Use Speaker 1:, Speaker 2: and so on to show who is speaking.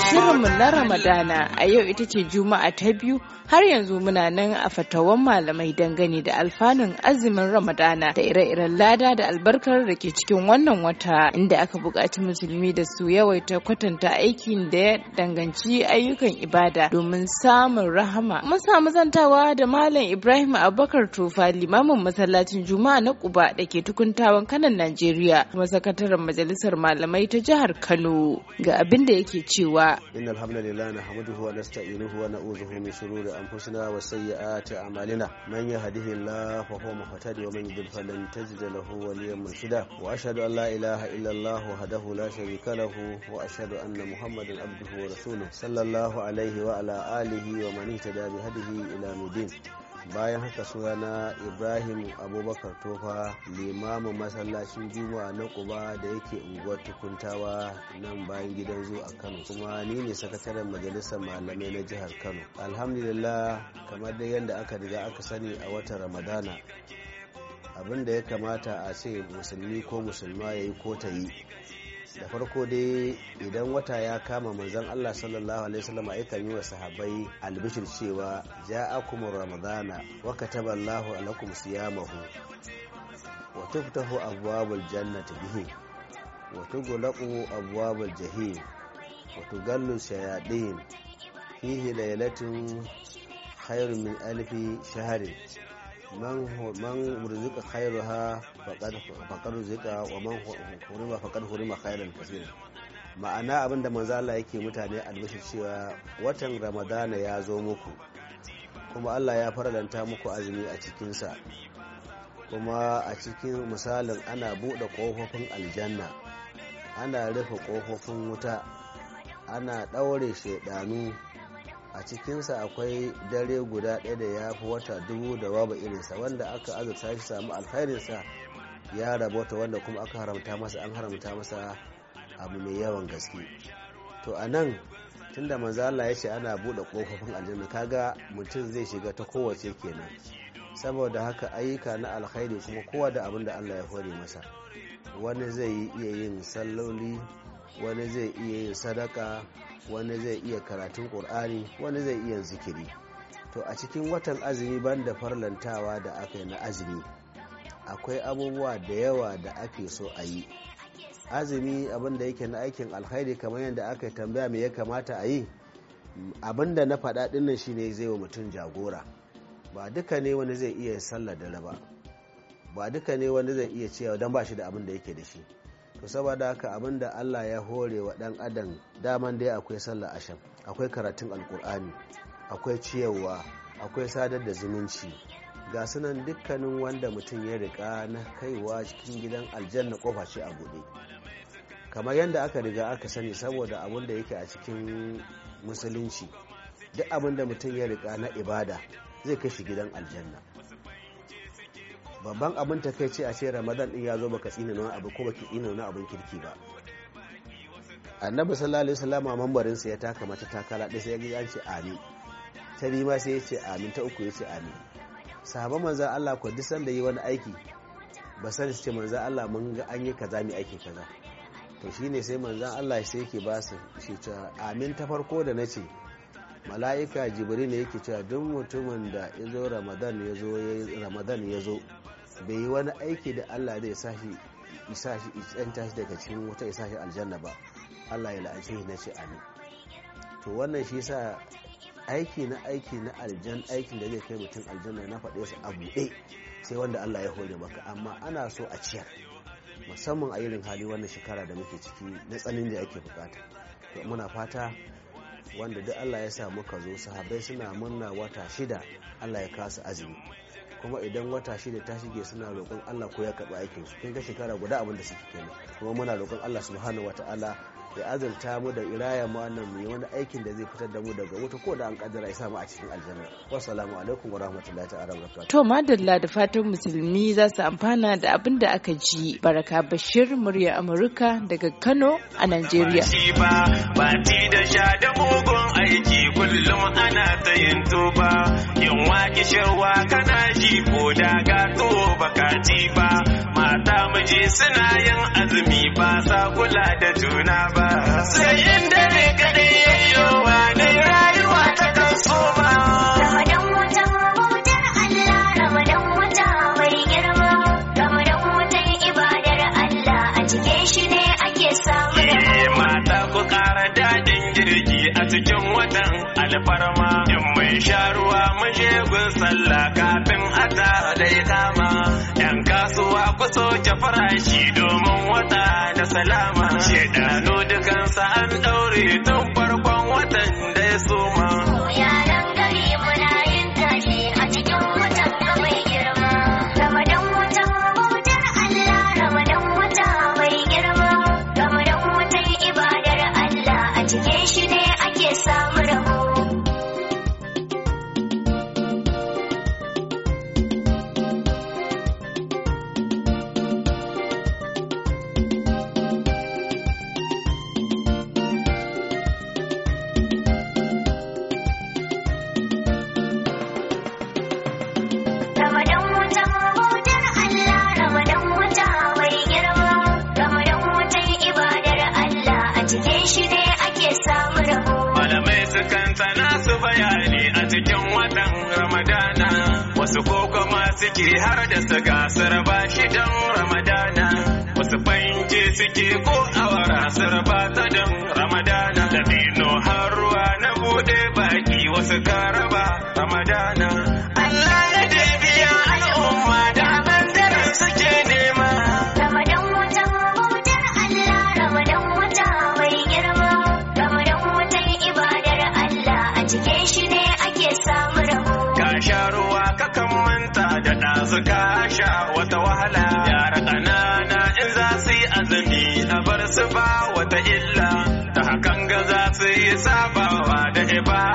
Speaker 1: shirinmu
Speaker 2: na Ramadana a yau ita ce Juma'a ta biyu har yanzu muna nan a fatawan malamai dangane da alfanun azumin Ramadana da ire-iren lada da albarkar da ke cikin wannan wata inda aka buƙaci musulmi da su yawaita kwatanta aikin da ya danganci ayyukan ibada domin samun rahama. Mun samu zantawa da Malam Ibrahim Abubakar Tufa limamin masallacin Juma'a na Kuba da ke tukuntawan kanan Najeriya kuma sakataren majalisar malamai ta jihar Kano ga abin da yake cewa ta'ala
Speaker 1: إن الحمد لله نحمده ونستعينه ونعوذ من شرور أنفسنا وسيئات أعمالنا من يهده الله فهو مهتد ومن يضلل فلن تجد له وليا مرشدا وأشهد أن لا إله إلا الله وحده لا شريك له وأشهد أن محمدا عبده ورسوله صلى الله عليه وعلى آله ومن اهتدى بهديه إلى مدين bayan haka sunana ibrahim abubakar tofa limamin masallacin juma'a na kuba da yake unguwar tukuntawa nan bayan gidan zu a kano kuma ni ne sakataren majalisar malamai na jihar kano alhamdulillah kamar da yadda aka riga aka sani a watan ramadana abin da ya kamata a ce musulmi ko musulma ya yi ko ta yi da farko dai idan wata ya kama manzon Allah sallallahu alaihi wasallam ya kan yi wa sahabbai albishir cewa ja'akum ramadana wa kataba Allahu alakum siyamahu wa tuftahu abwabul jannati bihi wa tughlaqu abwabul jahim wa tugallu Hihi fihi laylatun hayar min alfi shahrin man wa man hurima hurima ma'ana abin da manzo yake mutane albishi cewa watan ramadana ya zo muku kuma Allah ya faralanta muku azumi a cikinsa kuma a cikin misalin ana buɗe ƙofofin aljanna ana rufe ƙofofin wuta ana ɗaure shaidanu a cikinsa akwai dare guda ɗaya da ya fi wata dubu da babu irinsa wanda aka azurta shi samu alkhairinsa ya rabota wanda kuma aka haramta masa an haramta masa abu mai yawan gaske to a nan tunda mazala manzala ya ce ana buɗe ƙofofin aljanna kaga mutum zai shiga ta kowace kenan saboda haka ayyuka na alkhairi kuma kowa da abin da Allah ya hore masa wani zai iya yin salloli wani zai iya yin sadaka wani zai iya karatun ƙur'ani wani zai iya zikiri to a cikin watan azumi ban da farlantawa da aka yi na azumi akwai abubuwa da yawa da ake so a yi azumi abinda yake na aikin alkhairi kamar yadda aka tambaya me ya kamata a yi abinda na faɗa ɗinnan ne zai wa mutum jagora ba duka ne wani zai iya sallar dare ba ba duka ne wani zai iya cewa don ba shi da abin da yake da shi to saboda haka abin da Allah ya hore wa dan adam daman dai akwai sallah asham akwai karatun alkur'ani akwai ciyarwa akwai sadar da zumunci ga sunan dukkanin wanda mutum ya rika na kaiwa cikin gidan aljanna kofa ce a bude kamar yadda aka riga aka sani saboda abin da yake a cikin musulunci duk abin da mutum ya rika na ibada zai kashi gidan aljanna babban abin ta kai ce a ce ramadan din ya zo baka tsina wani abu ko baki tsina wani abin kirki ba annabi sallallahu alaihi wasallam a mambarin sa ya taka mata takala dai sai ya ce amin ta biyu ma sai ya ce amin ta uku ya ce amin sahaba manzo Allah ko duk sanda yi wani aiki ba san su ce manzo Allah mun ga an yi kaza mi aiki kaza to shine sai manzo Allah sai yake ba su shi ta amin ta farko da na ce mala'ika jibril ne yake cewa duk mutumin da ya zo ramadan ya zo ramadan ya zo bai yi wani aiki da Allah zai isa shi daga cikin wuta isa shi aljanna ba Allah ya la'ace shi na ce amin to wannan shi sa aiki na aiki na aljan aikin da zai kai mutum aljanna na faɗe su a buɗe sai wanda Allah ya hore maka amma ana so a ciyar musamman a irin hali wannan shekara da muke ciki na tsanin da ake bukata to muna fata wanda duk Allah ya sa muka zo sahabai suna murna wata shida Allah ya kasa azumi kuma idan wata shida ta shige suna roƙon Allah ko ya karɓi aikin su kin ga shekara guda abin da suke kenan kuma muna roƙon Allah subhanahu wataala ya azurta mu da iraya mu wannan mu wani aikin da zai fitar da mu daga wuta ko da an kaddara ya samu a cikin aljanna wassalamu alaikum rahmatullahi ta'ala barakatuh to
Speaker 2: madalla da fatan musulmi za su amfana da abin da aka ji baraka bashir murya amurka daga kano a najeriya
Speaker 1: ba da
Speaker 2: kullum ana ta yin tuba yunwa kishirwa kana ji ko da gato baka ci ba mata
Speaker 1: miji suna yin azumi ba sakula da juna ba sai in dare kadai yayyowa ne rayuwa ta kan soma ramadan wata bautar Allah ramadan wata mai girma dan wata ibadar Allah a cikin shi ne ake samu eh, mata ku kara dadin girki a cikin watan alfarma in mun sha ruwa mun je gun sallah kafin ata da kama yan kasuwa ku soke farashi domin wata da salama
Speaker 2: shedano dukansa an daure tun shi ne ake samu rabo. Malamai sukan tsana su bayani a cikin watan Ramadana. Wasu ko kuma suke har da su gasar ba shi don Ramadana. Wasu fanke suke ko awara su raba ta don Ramadana. Dabino har ruwa na bude baki wasu karaba Ramadana. Allah ya Cike shi ne ake samu rabo ka sha ruwa ka manta da ɗazu ka sha wata wahala yara ƙanana in za su yi azumi a bar su ba wata illa ta hakan ga za su yi sabawa da ibada